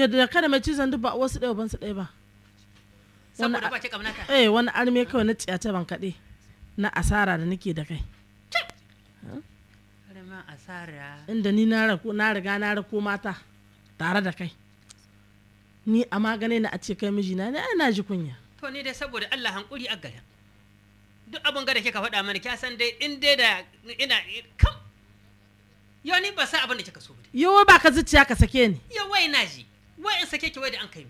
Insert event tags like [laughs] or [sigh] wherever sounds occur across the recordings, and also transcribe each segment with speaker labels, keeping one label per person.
Speaker 1: yadda da kada mai cizon duk ba wasu ɗaya ban su ɗaya ba
Speaker 2: saboda ba ke kamnata
Speaker 1: eh wani arme kawai na tsiyata ban kaɗe na asara da nake da kai inda ni na riga na rako mata tare da kai ni a magane na a ce kai miji na ne na ji kunya
Speaker 2: to ni dai saboda Allah hankuri a garin duk abin da kika faɗa mani kya san dai in dai da ina kam yau ni ba sa abin da kika so ba
Speaker 1: yawa ba ka zuciya ka sake ni
Speaker 2: wai na ji in sake ki wai da an kai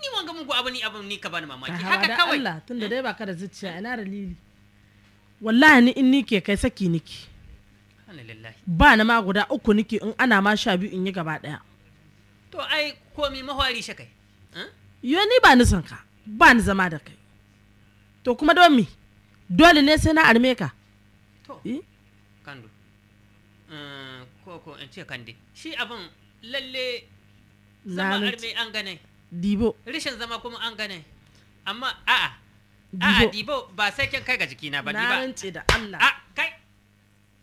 Speaker 2: ni wanga mugu abu ni abu ni
Speaker 1: ka bani mamaki haka kawai Allah tunda hmm? dai baka da zuciya ina da lili. wallahi ni in nike kai saki niki ba na ma guda uku niki in ana ma sha biyu in yi gaba daya
Speaker 2: to ai komi mahwari shi kai
Speaker 1: yo ni ba ni sanka ba ni zama da kai to kuma don mi dole ne sai na arme ka
Speaker 2: to eh? kando eh, ko ko in ce kande shi abin lalle zama arme an gane dibo rishin zama kuma an gane amma a a dibo ba sai kin kai ga jiki na ba diba na rance da Allah a kai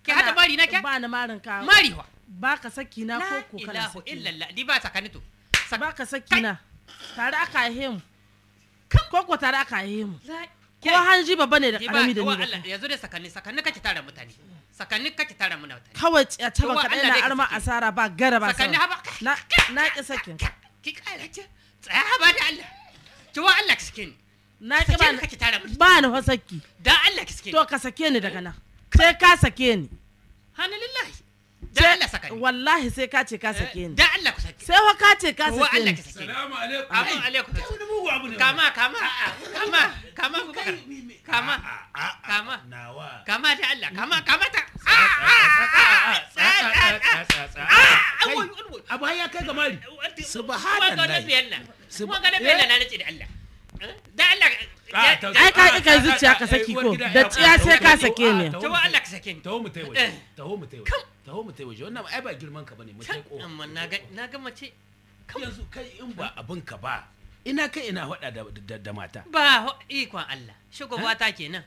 Speaker 2: ki hada mari na ke ba
Speaker 1: na marin ka mari wa ba ka saki na ko ko kana saki la
Speaker 2: ilaha diba sakani to
Speaker 1: ba ka saki na tare aka haihe mu ko ko tare aka haihe mu ko hanji babba ne da karami da ni ba Allah
Speaker 2: yanzu da sakani sakani kake tare mutane sakanni kake tara muna wata
Speaker 1: kawai a taba ka na arma asara ba gara ba sakanni haba na na ki sakin ki kare ce tsaya haba da Allah ki wa Allah ki sake ni na ki ba kake tara muna ba ni fasaki Da Allah ki sake ni to ka sake ni daga nan sai ka sake ni hanillahi dan Allah sake ni wallahi sai ka ce ka eh, sake ni Da Allah ku sake sai ka ce ka sake ni wa Allah ki sake ni
Speaker 2: assalamu alaikum alaikum kama kama kama kama kama kama kama ta
Speaker 3: Allah kama hmm. kama ta a baya kai ga mari subhanallahi subhanallahi na nace da Allah
Speaker 4: eh? da Allah
Speaker 1: ah, ai ka zuciya ka saki eh, ko da tsiya sai ka sake ne Allah ka
Speaker 3: sake mu waje eh. mu waje mu waje wannan ai ba girman ka bane mu na ga mace yanzu in ba abin ka ba ina kai ina hada da mata
Speaker 2: ba ikon Allah shigo wata kenan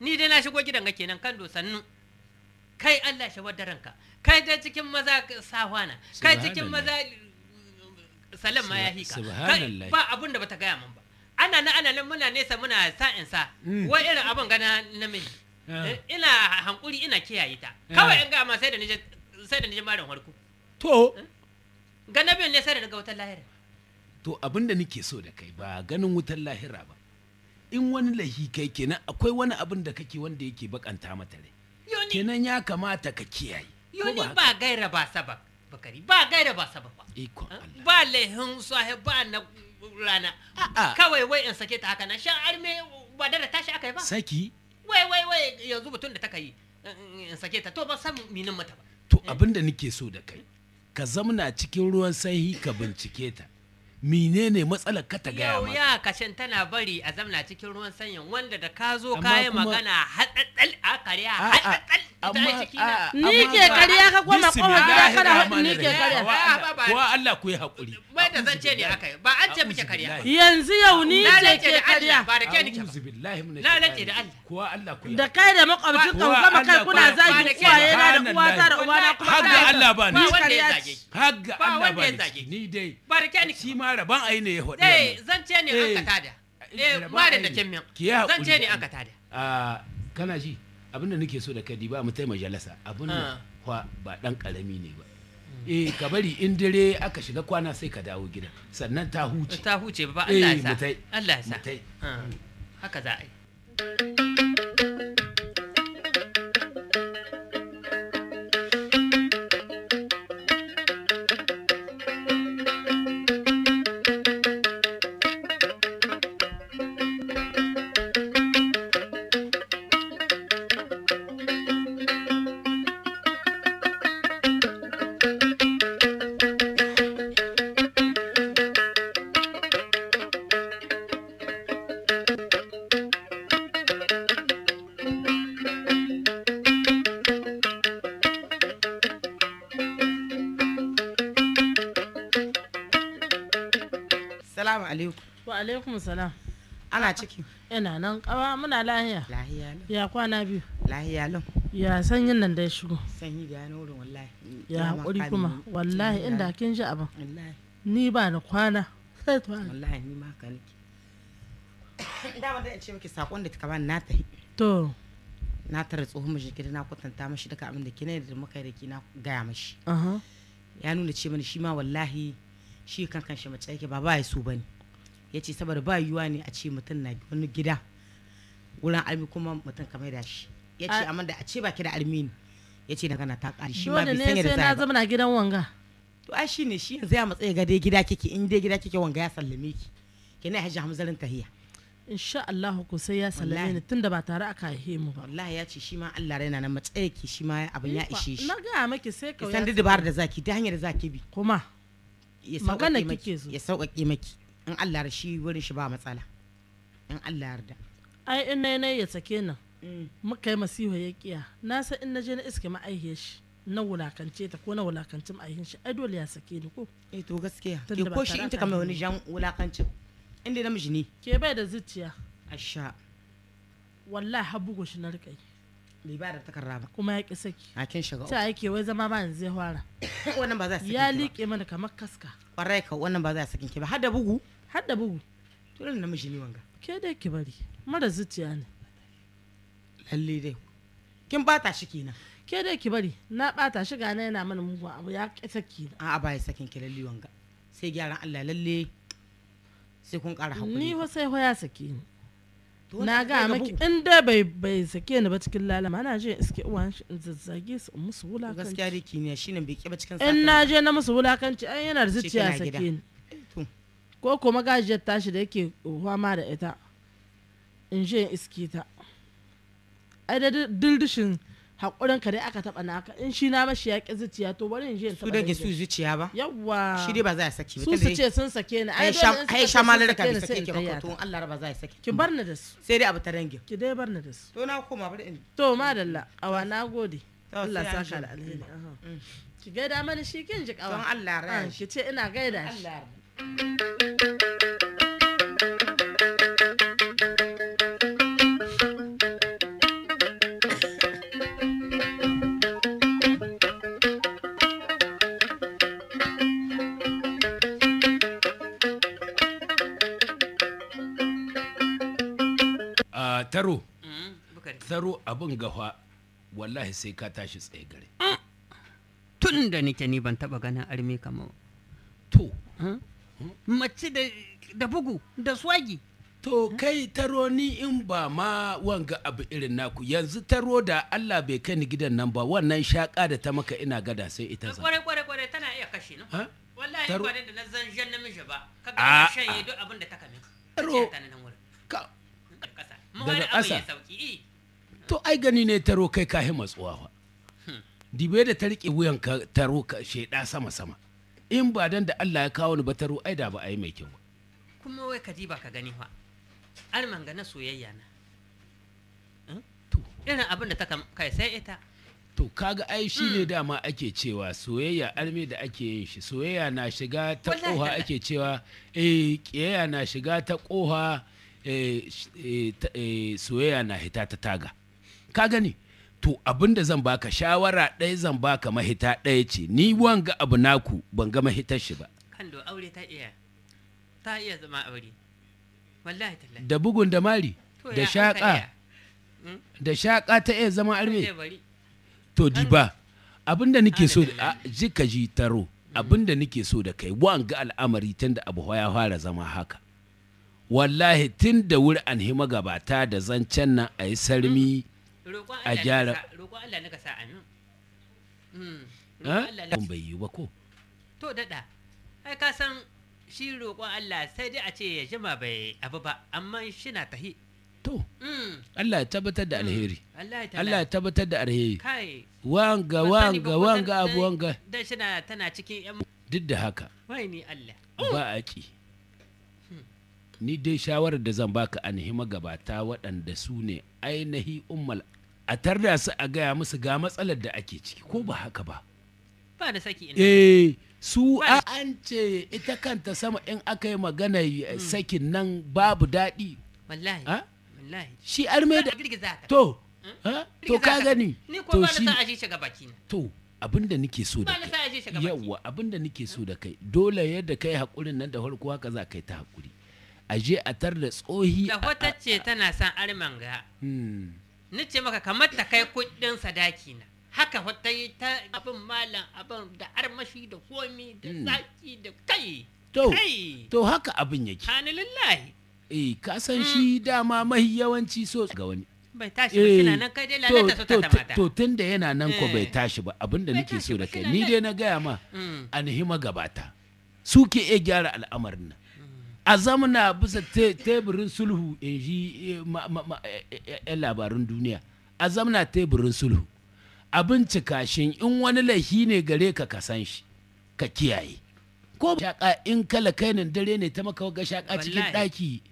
Speaker 2: ni dai na shigo gidan ga kenan kan sannu kai Allah shi wadda ranka kai dai cikin maza sahwana kai cikin maza salam ma ya hika ba abun da bata gaya min ba ana na ana nan muna nesa muna in sa mm. wai irin abun gana namiji eh, ina hankuri ina kiyaye ta kawai in ga ma sai da ni sai da nije marin harku to eh? ganabin ne sai da ga wata lahira
Speaker 3: to abin da nake so da kai ba ganin wutar lahira ba in wani lahi kai kenan akwai wani abin da kake wanda yake bakanta mata rai kenan ya kamata ka kiyaye
Speaker 2: yoni ba gaira ba saba, bakari ba gaira ba saba ba ikon Allah ba lehin sahi ba na rana kawai wai in sake ta haka na shan arme ba da tashi aka yi ba saki wai wai wai yanzu mutum da ta kai in sake ta to ba san minin mata ba
Speaker 3: to eh. abin da nake so da kai ka zamna cikin ruwan sahi ka bincike ta menene matsalar ka ta gaya maka ya
Speaker 2: kashin tana bari a zamna cikin ruwan sanyin wanda da ka zo ka yi magana hadaddal a kariya
Speaker 3: hadaddal
Speaker 2: ita ni ke kariya ka goma kofar gida kada hudu ni ke kariya
Speaker 3: wa Allah ku yi hakuri mai da zance ne akai ba an ce muke kariya yanzu yau ni ce ke kariya ba da ke ni ke ba na lance da Allah kuwa Allah
Speaker 1: ku da kai da makwabcin ka kuma kai kuna zagin uwaye na da uwata da Allah ba ni. Ba ya zage.
Speaker 3: Hagga Allah ba ni. Ni dai. Barke ni. Shi ma rabon ai ne ya faɗi. Eh
Speaker 2: zance ne an ka eh, tada. Eh mare eh, da kimmin. Zance ne an ka tada.
Speaker 3: Ah kana ji abinda nake so da kadi ba mu tai majalasa abinda ah. fa ba dan karami ne ba. Hmm. eh ka bari in dare aka shiga kwana sai ka dawo gida sannan ta huce ta
Speaker 2: huce ba Allah ya eh, sa Allah ya sa ah, haka za a yi
Speaker 1: alaikum. Wa alaikum salam. Ana ciki. Ina nan kawa muna lahiya. Lahiya lau. Ya kwana biyu. Lahiya lau. Ya sanyin nan da ya shigo. Sanyi da yana wurin wallahi. Ya haƙuri kuma wallahi inda kin ji abin. Wallahi. Ni ba na kwana. [laughs] Sai Wallahi ni ma ka nake. [coughs] Dama da in ce miki sakon da ta bani na tafi. To. Na tara tsohon mijin gida na kwatanta mashi duka abin da kina da muka da ki na gaya mashi. Ya nuna ce mani shi ma wallahi shi kankan shi mace yake ba ba ya so bane. ya ce saboda ba yiwuwa ne a ce mutum na wani gida wurin almi kuma mutum kamar da shi ya ce amma da a ce baki da almi ne ya ce daga na ta ƙari shi ma bi sanya da sai na zama na gidan wanga to a shi ne shi yanzu ya matsayi ga dai gida kike in dai gida kike wanga ya sallame ki kina hajji hamzarin tahiya insha Allah ku sai ya sallame ni tunda ba tare aka haihe mu ba wallahi ya ce shi ma Allah raina nan matsayi ki shi ma abin ya ishe shi na ga maki sai ka san da dabarar da zaki ta hanyar da zaki bi kuma ya sauƙaƙe maki in Allah shi wurin shi ba matsala in Allah yarda ai in nayi ya sake nan mm. muka yi masiha ya kiya na san in na je na iske ma'aihiyar shi na wulakance ta ko na wulakancin ma'aihin shi ai dole ya sake ni ko eh to gaskiya ke ko shi in ta kama wani jan wulakancin inda namiji ne ke bai da zuciya asha wallahi Habu bugu shi na rikai bai ba da takarda ba kuma ya ki saki a kin shiga ta yake wai zama ba yanzu zai fara [coughs] wannan ba za su ya liƙe mana kamar kaska kwarai ka wannan ba za su sakin ki ba har da bugu har da bugu to na namiji ne wanga ke dai ki bari mara zuciya ne lalle dai kin bata shi kenan ke dai ki bari na bata shi gane yana mana mugun abu ya saki a a bai sakin ki lalle wanga sai gyaran Allah lalle sai kun kara hakuri ni fa sai ya saki ni
Speaker 4: na ga maki in
Speaker 1: da bai bai sake ni ba cikin lalama na je iske uwan shi in zazzage su musu wulakanci gaskiya dai kiniya shine bai ba cikin sakan in na je na musu wulakanci ai yana da zuciya sake ni ko kuma gajiyar tashi da yake fama da ita in je iske ta ai da dildishin hakurin ka dai aka taɓa naka in shi na mashi yaƙi zuciya to bari in je su dangin su zuciya ba yawwa shi dai ba za a saki ba su su ce sun sake ni ai sha ai sha ma bi sake ki ba to Allah ba za a saki ki bar ni da su sai dai abu ta rangi. ki dai bar ni da su to na koma bari in to madalla awa na gode Allah saka da alheri mm. ki gaida mana shi kin ji kawa don Allah ran ah, ki ce ina gaida shi
Speaker 3: taro mm-hmm. taro abin gawa wallahi sai ka tashi tsaye gare mm. tun da nike ni ban taba ganin armi kama to hmm? mace da bugu da swagi to kai taro ni in ba ma wanga abu irin naku yanzu taro da Allah bai kai ni gidan nan ba wannan shaka da ta maka ina gada sai ita za kware kware kware tana iya kashe ni wallahi ba da na zan na namiji ba ka ga shanye
Speaker 2: duk abin da ta kame
Speaker 3: taro ka daga kasa eh. to ai gani ne taro kai ka kahi matsuwa hmm. dibe da ta rike wuyan ka taro ka sheda sama sama in ba dan da Allah ya kawo ni ba taro ai da ba ai mai kyau
Speaker 2: kuma wai ka ba ka gani fa An manga na soyayya na eh? irin abin da ta kai sai ita
Speaker 3: to kaga ai shi ne hmm. dama ake cewa soyayya alme da ake yin shi soyayya na shiga ta koha ake cewa eh kiyayya na shiga ta koha eh, eh, soyayya na hita ta taga ka gani to abin da zan baka shawara ɗaya zan baka mahita ɗaya ce ni wanga abu naku ban ga mahitar shi ba
Speaker 2: kando aure ta iya ta iya zama aure wallahi
Speaker 3: tallahi da bugun da mari da shaka hmm? da shaka ta iya zama aure to di ba abin da nake so da jika ji taro hmm. abin da nake so da kai wanga al'amari tun da abu ya fara zama haka wallahi tun da wuri an hima gabata da zancen nan a yi sarmi hmm. a gyara
Speaker 2: roƙon Allah mm,
Speaker 3: eh? bai yi ba ko
Speaker 2: to daɗa ai ka san shi roƙon Allah sai dai a ce ya jima bai abu ba amma shi na tahi to mm.
Speaker 3: Allah ya tabbatar da mm. alheri Allah ya tabbatar da alheri wanga wanga wanga abu wanga
Speaker 2: dan shi tana cikin yan
Speaker 3: duk da haka
Speaker 2: wai ni Allah
Speaker 3: ba a ki hmm. ni dai shawarar da zan baka an hima gabata waɗanda su ne ainihi ummal a tarda su a gaya musu ga matsalar da ake ciki ko ba haka ba ba da saki ina eh su an ce ita kanta sama in aka yi magana eh, hmm. sakin nan babu daɗi wallahi ah? wallahi shi arme da to to ka gani to shi to abinda nake so da kai yawa abinda nake so hmm? da kai dole yadda kai hakurin nan da farko haka za kai ta hakuri aje a tar da tsohi da
Speaker 2: hotacce ce tana san arman ga hmm. ni ce maka kamar ta kai kuɗin sadaki na haka ta yi ta abin malam abin da armashi da komi da hmm. zaki da kai
Speaker 3: to to haka abin yake
Speaker 2: hannun lillahi
Speaker 3: eh ka san hmm. shi dama mahi yawanci so ga wani bai tashi ba kina nan kai dai eh, lalata so ta mata to yana nan ko bai eh. tashi ba abin da nake so da kai ni dai na gaya ma hmm. an hima gabata suke iya gyara al'amarin nan a zamana bisa teburin sulhu in ji yan eh, eh, eh, labarin duniya a zamana teburin sulhu abin bincika shi in wani laifi ne gare ka ka san shi ka kiyaye ko shaka in kala kai nan dare ne ta maka ga shaka cikin daki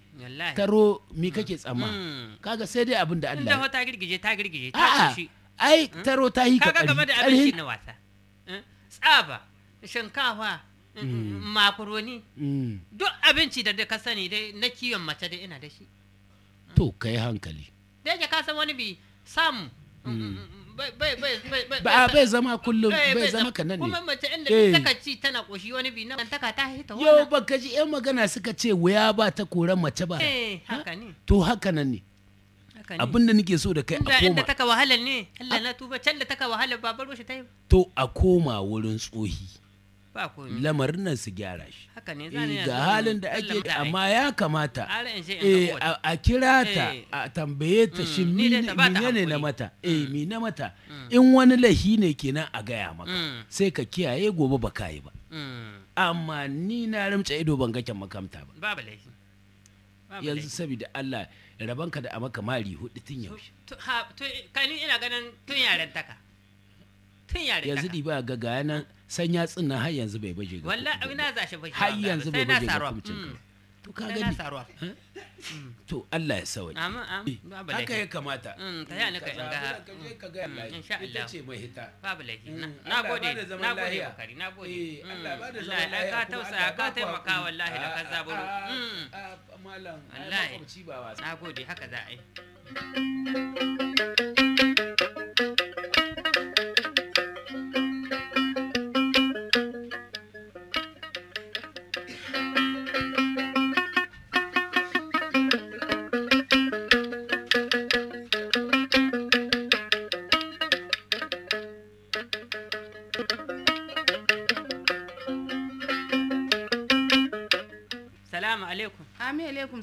Speaker 3: taro mi kake tsamma mm. kaga sai dai abin da Allah
Speaker 2: ya ta girgije ta girgije ta shi
Speaker 3: ai taro ta yi mm. ka kaga game da abinci
Speaker 2: na wasa mm. tsaba shinkafa Mm. Mm. makaroni mm. duk abinci da ka sani dai na kiwon mace dai ina da shi
Speaker 3: to kai hankali
Speaker 2: da yake ka san wani bi sam. ba bai zama kullum bai zama kanan ne kuma mace inda suka eh. ci tana koshi wani bi na taka ta hita
Speaker 3: wannan yau baka ji yan magana suka ce wuya ba ta koran mace ba
Speaker 2: eh, haka ne
Speaker 3: to haka nan ne abin da nake so da kai a koma inda taka
Speaker 2: wahalar ne Allah na tuba can da taka wahala ba baro ta yi
Speaker 3: to a koma wurin tsohi lamarin nan su gyara shi
Speaker 2: eh, ga halin da ake amma
Speaker 3: ya kamata eh, a kira ta eh. a tambaye ta mm. shi ne na mata eh mi mm. na mata mm. in wani lahi ne kenan a gaya maka sai ka kiyaye gobe ba ka yi ba amma ni na rimce ido ban ga makamta ba yanzu saboda Allah rabanka da amaka mari hudu tun yaushe
Speaker 2: kanin ina ganin tun yaren taka tun yaren taka yanzu
Speaker 3: di ba ga nan san na har yanzu bai baje ga wallahi
Speaker 2: ina baje har yanzu bai baje mm. to ka gani mm.
Speaker 3: to Allah ya sawaje amin amin eh, haka ya mm, ne ka ka insha Allah ce mai na gode na gode bakari na gode eh, Allah ba da ka tausaya ka taimaka wallahi da ka
Speaker 2: na gode haka za yi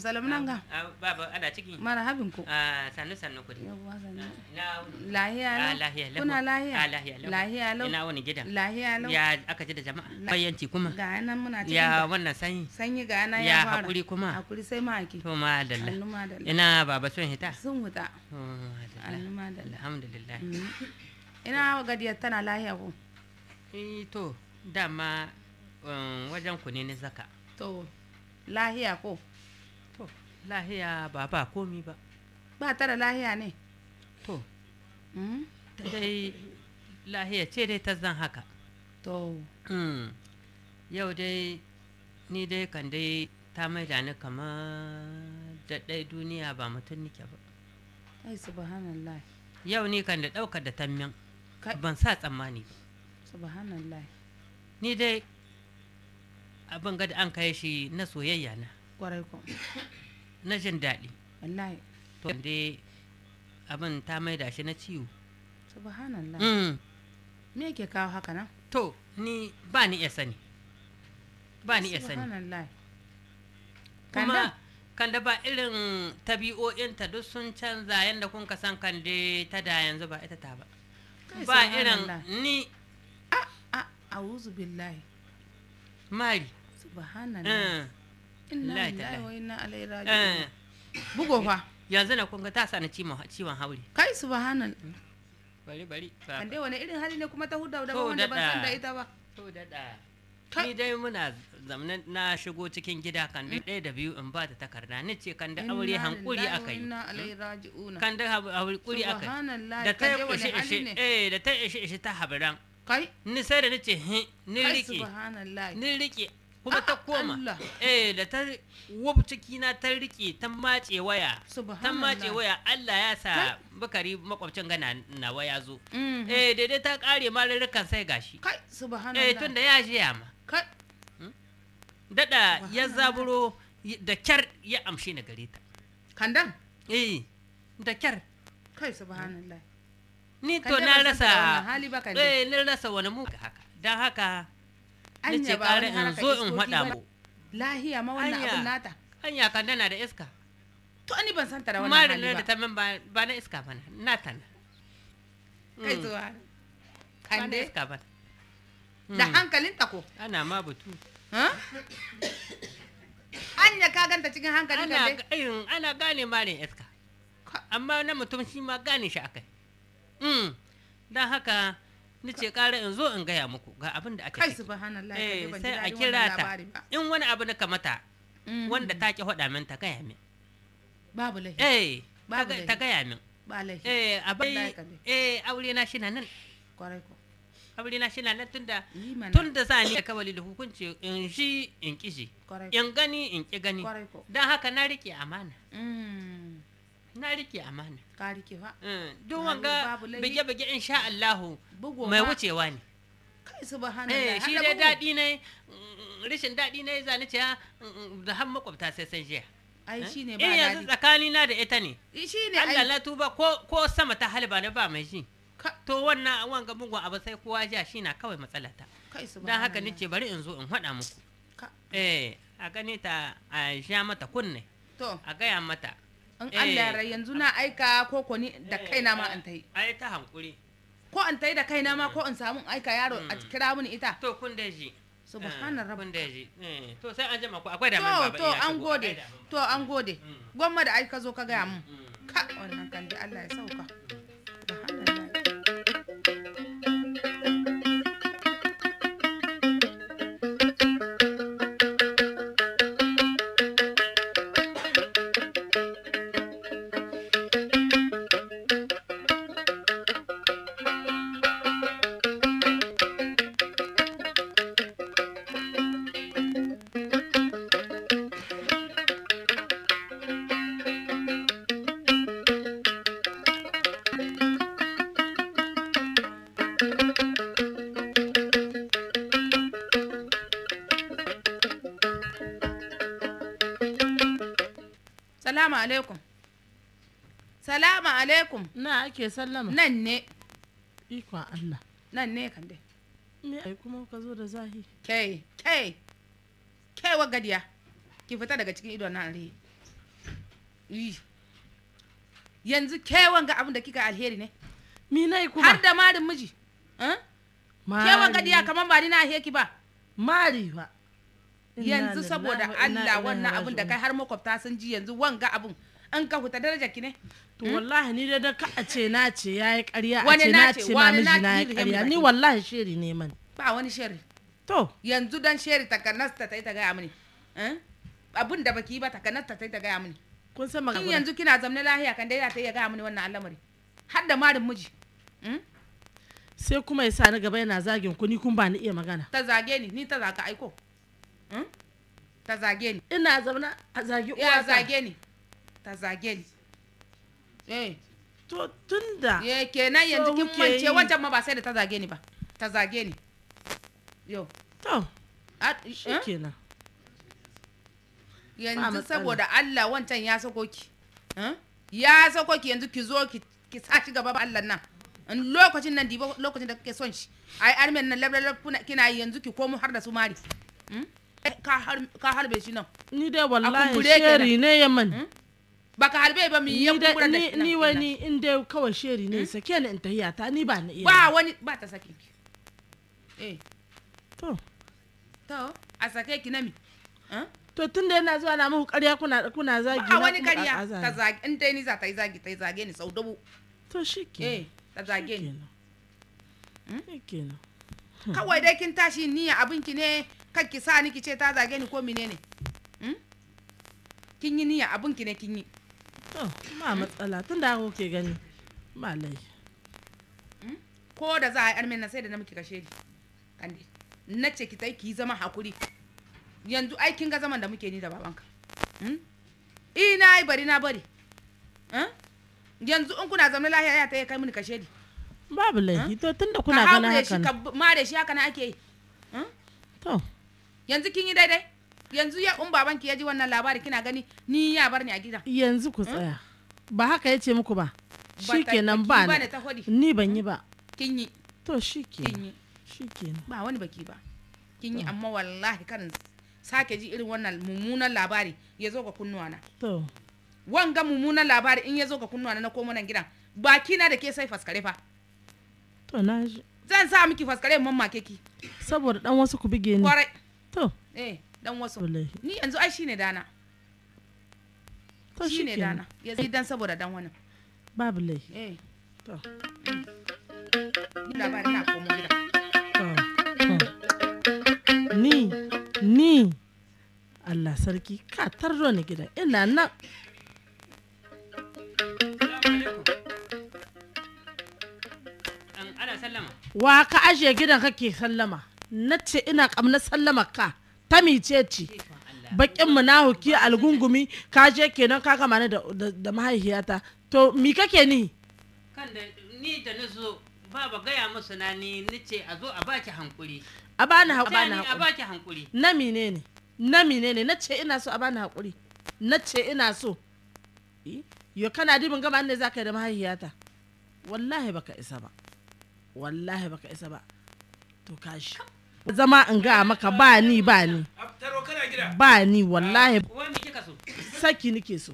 Speaker 2: salamu nan ga ah, baba ana ciki marhabin ku ah, sannu sannu ku yawa sannu ah,
Speaker 1: lahiya lahiya kuna
Speaker 2: lahiya lahiya lahiya lau ina wani gidan lahiya lau ya aka ji da jama'a bayyanci
Speaker 1: kuma ga nan muna cikin ya wannan sanyi sanyi ga nan ya fara ya
Speaker 2: hakuri kuma hakuri sai ma haki to dalla ina baba sun hita sun hita alhamdulillah
Speaker 1: mm. ina gadiyar tana lahiya ku eh, to
Speaker 2: dama um, wajen ku ne na zaka
Speaker 1: to lahiya ko lahiya ba ba komi ba ba ta da lahiya ne to hmm?
Speaker 2: ta dai lahiya ce dai ta zan haka to hmm. yau dai ni dai kan dai ta maida ni kamar da ɗai duniya ba mutum nike ba
Speaker 1: ai subhanallah
Speaker 2: yau ni kan da ɗaukar da tammin ban sa tsammani ba
Speaker 1: subhanallah
Speaker 2: ni dai abin gada an kai shi na soyayya na kwarai na jin daɗi wallahi to dai abin ta maida shi na ciwo
Speaker 1: subhanallah mm. me yake kawo haka nan
Speaker 2: to ni ba ni iya sani ba ni iya sani kuma kanda ba irin tabi'o'inta duk sun canza yadda kun san kande ta da yanzu ba ita ta ba ba irin
Speaker 1: ni a a a'udhu billahi mari subhanallah mm. inna
Speaker 2: wa eh. yanzu na kunga ta sani ciwon ciwon hauri
Speaker 1: kai hannun
Speaker 2: hmm. bari bari kan wani irin hali ne kuma ta huda da wanda ban san da ita ba to dada ni dai muna zamna na shigo cikin gida kan da hmm. ɗaya da biyu in ba ta takarda ni ce kan da aure hankuri aka
Speaker 1: yi kan da hankuri aka yi da ta ishe ishe eh
Speaker 2: da ta ishe ishe ta habiran kai ni sai da ni ce ni riƙe
Speaker 1: ni riƙe kuma ta koma eh
Speaker 2: da ta wabce kina ta rike ta mace waya
Speaker 1: ta mace waya
Speaker 2: Allah ya sa bakari makwabcin gana na waya zo
Speaker 1: mm-hmm. eh
Speaker 2: daidai ta kare mararrukan sai gashi
Speaker 1: kai subhanallah eh tunda
Speaker 2: ya je ya ma
Speaker 1: kai hmm?
Speaker 2: dada ya zaburo da kyar ya amshe na gare ta kandan eh da kyar kai subhanallah ni to na rasa eh na rasa wani muka haka dan haka
Speaker 1: na ce kare in zo in haɗa mu lahiya ma wannan abun nata hanya kan dana da iska to ani ban santa da wannan hali ba da ta
Speaker 2: min ba na iska bana nata na kai mm. zuwa kan da iska bana mm. da hankalin ta ko ana ma batu
Speaker 1: anya ka ganta cikin hankalin ka dai
Speaker 2: ana gane malin iska amma na mutum shi ma gane shi akai mm. dan haka ni ce ƙara in zo in gaya muku ga abin da ake ciki
Speaker 1: eh, sai a kira ta
Speaker 2: in wani abu na kamata mm. wanda ta ki hoda min ta gaya min babu lahi eh ta gaya min ba lahi eh abai eh aure na shi na nan kwarai ko aure na shi na nan tunda tunda zani ni kawali da hukunci in shi in kishi in gani in ki gani dan haka na rike amana mm. na rike amana ka rike
Speaker 1: ba Don wanga bige bige
Speaker 2: insha Allah mai wucewa ne
Speaker 1: kai subhanallah eh, shi dai dadi
Speaker 2: ne mm, rashin dadi ne zani ce ah, mm, mm, da har makwabta sai san jiya ai eh? shine ba dadi eh, yanzu tsakani na da ita ne shine Allah na tuba ko ko sama ta halba ne ba mai shi to wannan wanga bugun abu sai kowa ja shi na kawai matsalata
Speaker 1: dan haka nace
Speaker 2: bari in zo in faɗa muku eh a gane ta a sha mata kunne a gaya mata
Speaker 1: in eh. Allah rai yanzu na aika ko ko ni da eh. kaina ma an tai
Speaker 2: ai ta hankuri
Speaker 1: ko an tai da kaina ma ko mm. in samu aika yaro a mm. kira mun ita to
Speaker 2: kun da ji subhanar eh, rabbin da ji to sai an jama ku akwai da mai baba to an gode
Speaker 1: to an gode gwamma da aika zo ka ga mu mm. ka wannan kan Allah ya sauka salamu alaikum salamu alaikum na ake sallama nan ne ikon allah nan ne kan dai me ai kuma ka zo da zahi kai kai kai wa gadiya ki fita daga cikin idon na rai. yanzu ke wanga abin da kika alheri ne mi na kuma har da marin miji ke kewan gadiya kamar ba ni na alheri ba mari ba yanzu saboda Allah wannan abin da kai har makwabta sun ji yanzu wanga abin an ka huta daraja ki ne to hmm? wallahi ni da ka a ce na ce yayi ƙarya a ce na ce ma miji na yi ƙarya ni wallahi shiri ne man ba wani shiri to yanzu dan shiri ta kanasta ta yi ta gaya mini hmm? abin da baki yi ba ta kanasta ta yi ta gaya mini kun san magana yanzu kina zamne lahiya kan dai za ta iya gaya mini wannan al'amari har da marin miji hmm? sai kuma ya sa ni gaba yana zagin ku ni kun ba ni iya magana ta zage ni ni ta zaka aiko Hmm? ta zage ni ina zauna a zage uwa ya zage ni ta zage ni eh to tunda eh kenan yanzu kin mance wancan ma ba sai da ta zage ni ba ta zage ni yo to eh? shikenan yanzu saboda Allah wancan ya sako ki eh? ya sako ki yanzu ki zo ki ki sashi gaba ba Allah nan in lokacin nan diba lokacin da kake son shi ai armen nan labla kina yanzu ki komo har da su mari hmm? Eh, ka harbe shi nan ni dai wallahi sheri ne yaman hmm? ba ka harbe ba mu yi yankura da shi ni wani in dai kawai sheri ne hmm? sake ni in tahiya ta ni ba ni iya ba wani ba ta sake ki eh to to a sake ki mi. Hmm? to tun da yana zuwa na muku ƙarya kuna kuna zagi Ba wani karya. ta zagi in dai ni za ta yi zagi ta yi zage ni sau dubu to shike eh ta zage ni kenan. kawai dai kin tashi niyya abinki ne kar ki sa ni ki ce ta zage ni ko menene hmm? kin yi niyya abun ki ne kin yi to ma matsala tun da ke gani ba lai hmm? ko da za a yi armen na sai da na miki kashe ni kande na ce ki tai ki zama hakuri yanzu ai kin ga zaman da muke ni da babanka ina hmm? eh, yi bari na bari yanzu in kuna zaune lahiya ya ta kai mini kashe ni babu laifi to tunda kuna ganin haka ka da shi ka mare shi haka na ake yi to yanzu kin yi daidai yanzu ya in ki ya ji wannan labari kina gani ni ya bar ni a gidan yanzu ku tsaya hmm? ba haka ya ce muku ba
Speaker 4: shikenan ba
Speaker 1: ni ban yi hmm? ba kin yi to shikenan shikenan ba wani baki ba kin yi amma wallahi karin sake ji irin wannan mummunan labari ya zo ga kunnuwana to wanga mummunan labari in ya zo ga kunnuwana na komo nan gidan baki na da ke sai faskare fa to na zan sa miki faskare mamma keki saboda dan wasu ku bige ni to eh dan wasu ni yanzu ai shine dana to shine dana ya zai dan saboda dan wani babu lai eh to labarin na komo gida ni ni Allah sarki ka tarro ni gida ina nan Wa ka ajiye gidan kake sallama? na ce ina kamna sallamar ka ta mice ce bakin mu na munahuki algungumi ka je kenan ka kama ni da mahaihiyata to mi kake ni
Speaker 2: kan da ni da na zo baba gaya musu na ni ni ce a zo a baki hankuri a bani hakuri, a baki hankuri
Speaker 1: na mine ne na mine ne na ce ina so a bani hakuri na ce ina so eh, yo kana dibin gama ne zaka yi da mahaihiyata wallahi baka isa ba wallahi baka isa ba to kashi zama in ga maka ba ni ba ni ba ni wallahi saki nike so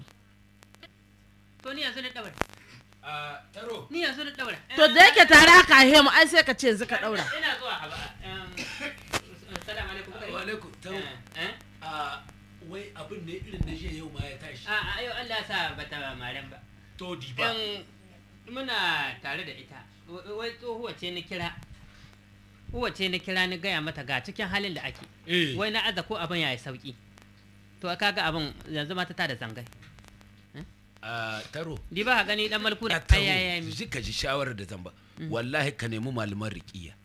Speaker 2: to da yake tare
Speaker 1: haka hemu ai sai ka ce yanzu ka daura
Speaker 3: eh, eh. wai abin ne irin na yau ma ya tashi a yau
Speaker 2: Allah sa bata maren ba to di ba muna tare da ita wai tsohuwa ce ni kira uwace na kira ni gaya mata ga cikin halin da ake eh. wai na aza ko abin yayi sauki to ka ga abin yanzu mata ta da zangai
Speaker 3: eh? taro di ba gani dan malku da ayaya mi ji shawarar da zamba mm. wallahi ka nemi malaman riqiya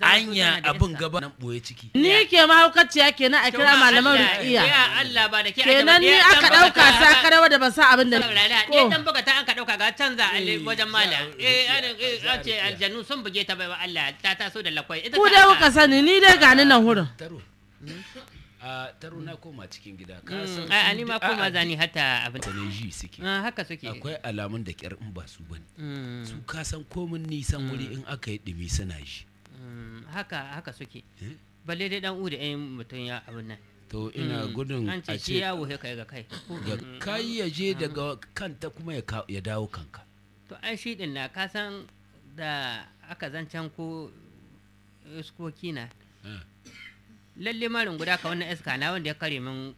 Speaker 1: anya abin
Speaker 3: gaba nan boye ciki
Speaker 1: ni ke mahaukaciya kenan a kira malaman rukiya ya
Speaker 2: Allah ba da ke kenan ni aka dauka sa karawa da
Speaker 1: ba sa abin da ko
Speaker 2: buga ta ka ɗauka, ga canza eh, wajen mala eh a eh, ce Aljanu sun buge ta bai Allah ta taso da lakwai ku dai kuka sani ni dai gani nan
Speaker 1: hurin
Speaker 3: a taro na koma cikin gida ka mm, a ni ma koma zani hata abin da ji suke ah, haka suke akwai alamun da kyar in ba su bane mm. su ka san komin nisan mm. wuri in aka yi dumi suna ji
Speaker 2: haka haka suke eh? balle dai dan u da
Speaker 3: mutum ya abin nan to ina mm. gudun a ce ya wuhe kai ga kai ga mm. kai ya je daga kanta kuma ya dawo kanka
Speaker 2: to ai shi din na ka san da aka zancen ko iskoki na eh. lalle marin guda ka wannan iska na wanda ya kare min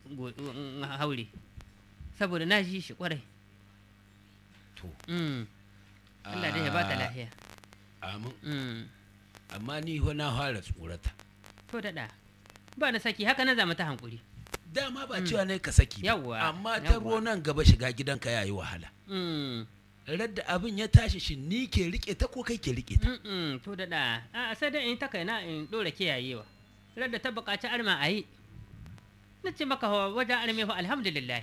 Speaker 2: haure saboda na ji shi kwarai
Speaker 3: to mm. ah, Allah dai ya ba ta lafiya amin amma ni na fara tsorata to ba na saki haka na zama ta hankuri dama ba mm. cewa ne ka saki amma ta nan gaba shiga gidanka yayi wahala mm. radda abin ya tashi shi ni ke rike ta ko kai ke rike ta to a
Speaker 2: sai dai in ta na in ɗora yayewa. radda ta buƙaci arma a yi na ce maka wajen arme fa alhamdulillah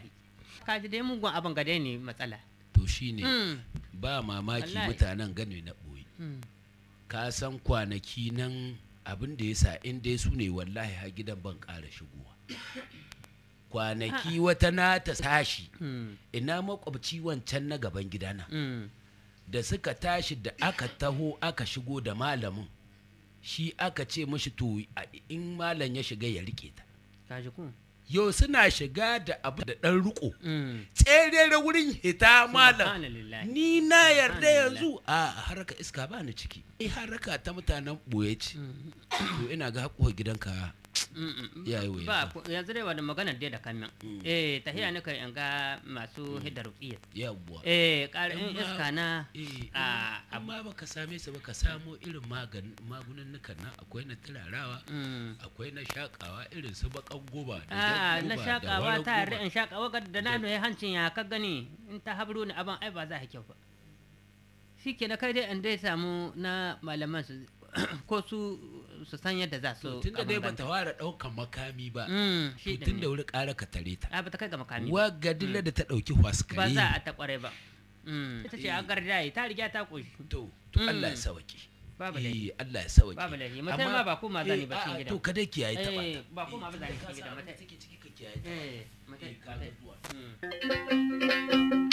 Speaker 2: ka ji dai mugun
Speaker 3: abin gade ne matsala to shine mm. ba mamaki mutanen gane na ɓoye ka san kwanaki nan abin da ya sa in dai su ne wallahi ha gidan ban ƙara shigowa kwanaki wata na ta sashi hmm. ina makwabci wancan na gaban gidana hmm. da suka tashi da aka taho aka shigo da malamin shi aka ce mashi to in malam ya shiga ya rike ta yau suna shiga da abu da ɗan riko da mm. wurin hita malam ni na yarda yanzu a haraka iska ba ni ciki E haraka ta mutanen ɓoye ce mm. to ina ga haƙuwa gidanka
Speaker 2: ya yi wuya ba yanzu dai wani magana dai da kamin mm. eh tahiya mm. ne kan ga masu mm. hidda
Speaker 3: ruqiyya yawwa eh karin iska na eh, a eh, amma baka same su baka samu irin maganin magunan nukan nan akwai na turarawa akwai na shakawa irin su bakan goba da na shakawa ta in
Speaker 2: shakawa da na ya hancin ya ka gani in ta habro ni abin ai ba za ka kyau ba shi ke na kai dai an dai samu na malaman su [coughs] ko su su san yadda za su tun da dai ba ta fara daukan
Speaker 3: makami ba mm, tun da wuri ƙara ka tare ta ba ta kai ga makami wa gadilla da mm. ta dauki waskare ba za a ta kware ba mm. ita ce eh. a
Speaker 2: gardaye ta riga ta koyi. to to Allah ya
Speaker 3: sawaki babu eh, laifi Allah ya sauke babu laifi mutum ma ba koma zani ba eh, cikin gida to kada ki yayi ta ba
Speaker 2: koma ba zani cikin gida mata ciki ciki ka kiyaye ta eh mata ka zuwa [laughs]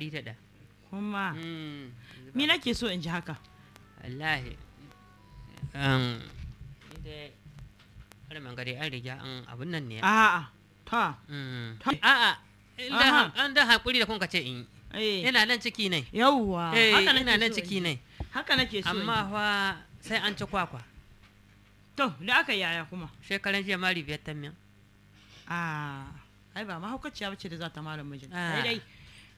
Speaker 2: kokari ta
Speaker 4: kuma mm, me nake so in ji haka wallahi um
Speaker 2: da alman gari an riga an abun nan ne a'a
Speaker 4: ta mm. a'a
Speaker 2: an da hakuri da kun ka ce in
Speaker 4: yana eh. nan ciki ne yawwa eh, haka yana nan ciki ne haka nake so amma fa sai an ci kwakwa to da aka yaya kuma shekaran jiya mari biyar tamiya. Ah. ai ba mahaukaciya bace da za ta malam mijin ah. Dai dai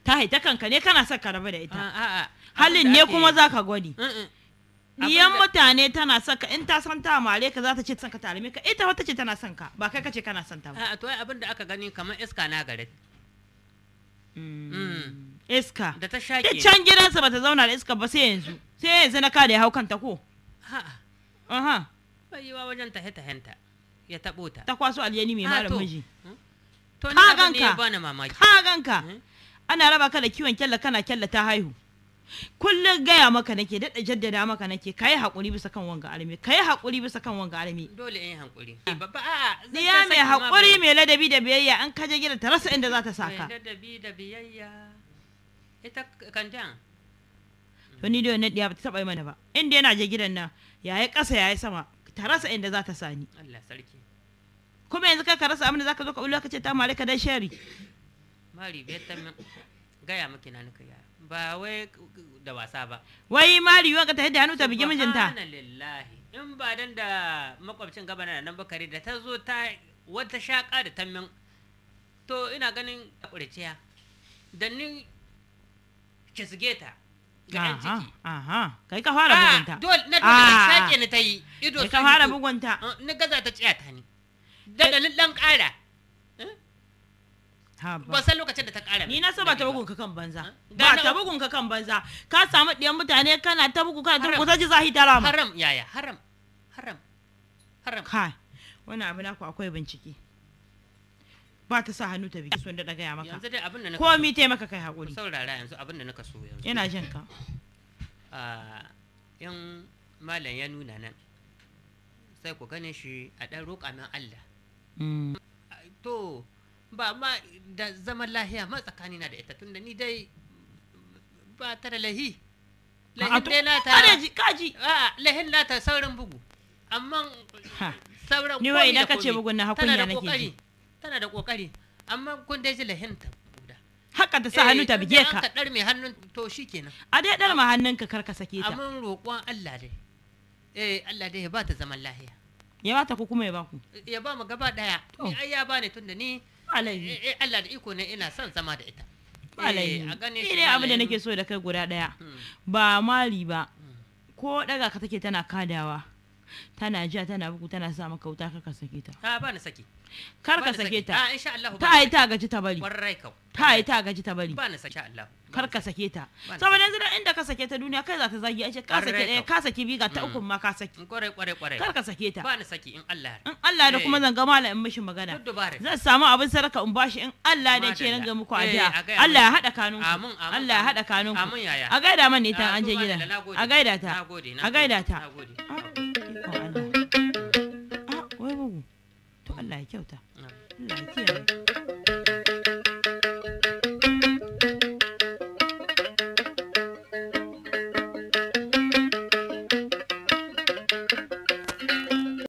Speaker 4: ta haita kanka ne kana son ka rabu da ita ah, ah, ah.
Speaker 1: halin ne kuma za ka gwadi
Speaker 4: Niyan mm, mm. mutane tana son ka in ta san ta mare ka za ta ce ka tarime ka ita wata ce tana son ka ba kai ka ce kana son ta ba.
Speaker 2: A to abin da aka gani kamar iska na gare
Speaker 4: hmm. mm. Iska. Da ta shaƙe. can gidansa ba ta zauna da iska ba sai yanzu. Sai yanzu na kada ya hau kanta ko. Ha. Aha.
Speaker 2: Bai yiwa wajen ta tahenta ya taɓo ta. Ta
Speaker 4: kwaso alyani mai malam miji. Hmm.
Speaker 2: To ni abin ne ya bani
Speaker 4: mamaki. Ka ganka. Hmm. ana raba ka da kiwon kyalla kana kyalla ta haihu kullum gaya maka nake daɗa jaddada maka nake ka yi haƙuri bisa kan wanga alami ka yi haƙuri bisa kan wanga alami dole
Speaker 2: in haƙuri ah. babba a ya mai haƙuri mai ladabi da biyayya
Speaker 4: an kaje gida ta rasa inda za ta ka. mai
Speaker 2: ladabi da biyayya ita kanjan
Speaker 4: to ni da wannan diya ba ta taɓa yi mana ba inda yana je gidan nan yayi ƙasa yi sama ta rasa inda za ta sani
Speaker 2: Allah sarki
Speaker 4: kuma yanzu ka rasa abin da ka zo ka ulo ka ce ta ka dan shari
Speaker 2: mali biyar ta gaya miki na nika ya ba wai da wasa ba
Speaker 4: wai mali yau ka tafi da hannu ta bigi mijinta
Speaker 2: subhanallahi in ba dan da makwabcin gaba na nan bakari da ta zo ta wata shaka da tammin to ina ganin kurciya da ni kisge ta
Speaker 4: Aha, kai ka fara ah, bugunta. Dole na dole ah. sake
Speaker 2: ni ta yi ido. Ka fara bugunta. Ah, ni gaza ta tsaya ta ni. Da dalilin dan kara. ba san lokacin da ta kara ni na so ba
Speaker 4: ta bugun ka kan banza hm? ba ta bugun ka kan banza ka samu ɗiyan mutane kana ta bugu kana ta bugu ta ji zahi ta rama haram yaya haram haram haram kai wani abu naku akwai bincike ba ta sa hannu ta bi sun da gaya maka yanzu dai abin da na ko mi taimaka kai hakuri
Speaker 2: saurara yanzu abin da naka so yanzu ina jin ka yan ah, malam ya nuna nan sai ku gane shi a ɗan roƙa min Allah mm. to ba ma da zaman lahiya ma tsakanina da ita tunda ni dai ba ta da lahi lahin na ta kaji a lahin na ta saurin bugu amma sauran ni wai idan ka bugun na nake ji tana da kokari amma kun dai ji lahin ta
Speaker 4: haka ta sa hannu ta eh, bige ka ka dar
Speaker 2: mai hannun to shikenan
Speaker 4: a dai dar ma hannun ka kar ka sake ta
Speaker 2: amma roƙon Allah dai eh Allah dai ya ba ta zaman lahiya ya ba ta
Speaker 4: ko kuma ya ba ku
Speaker 2: ya ba mu gaba daya oh. ai ya ba ne tunda ni Eh, eh, Allah da iko ne ina son zama da ita
Speaker 4: eh, shi ne abin da nake so da kai guda daya hmm. ba mali ba hmm. ko daga ka take tana kadawa tana jiya tana bugu tana sa maka wuta ka sake ta
Speaker 2: a ba na sake
Speaker 4: kar ka sake ta ah, a ah, insha Allah ta yi ta gaji ta bari warrai kau ta yi ta gaji ta bari ba
Speaker 2: na sake Allah kar
Speaker 4: ka sake ta saboda yanzu inda ka sake ta duniya kai za ta zagi a ce ka sake ɗaya ka sake biga ta mm. uku ma ka sake kwarai kwarai kwarai kar ka sake ta ba na sake in Allah in Allah da eh. kuma zan ga malam in mishi magana zan samu abin saraka in bashi in Allah da ce ranga muku jiya eh, Allah ya hada kanun amin Allah ya hada kanun amin yaya a gaida man ne ta ah, an je gida a gaida ta a gaida ta ikon Allah a wai babu to Allah ya kyauta Allah ya kiyaye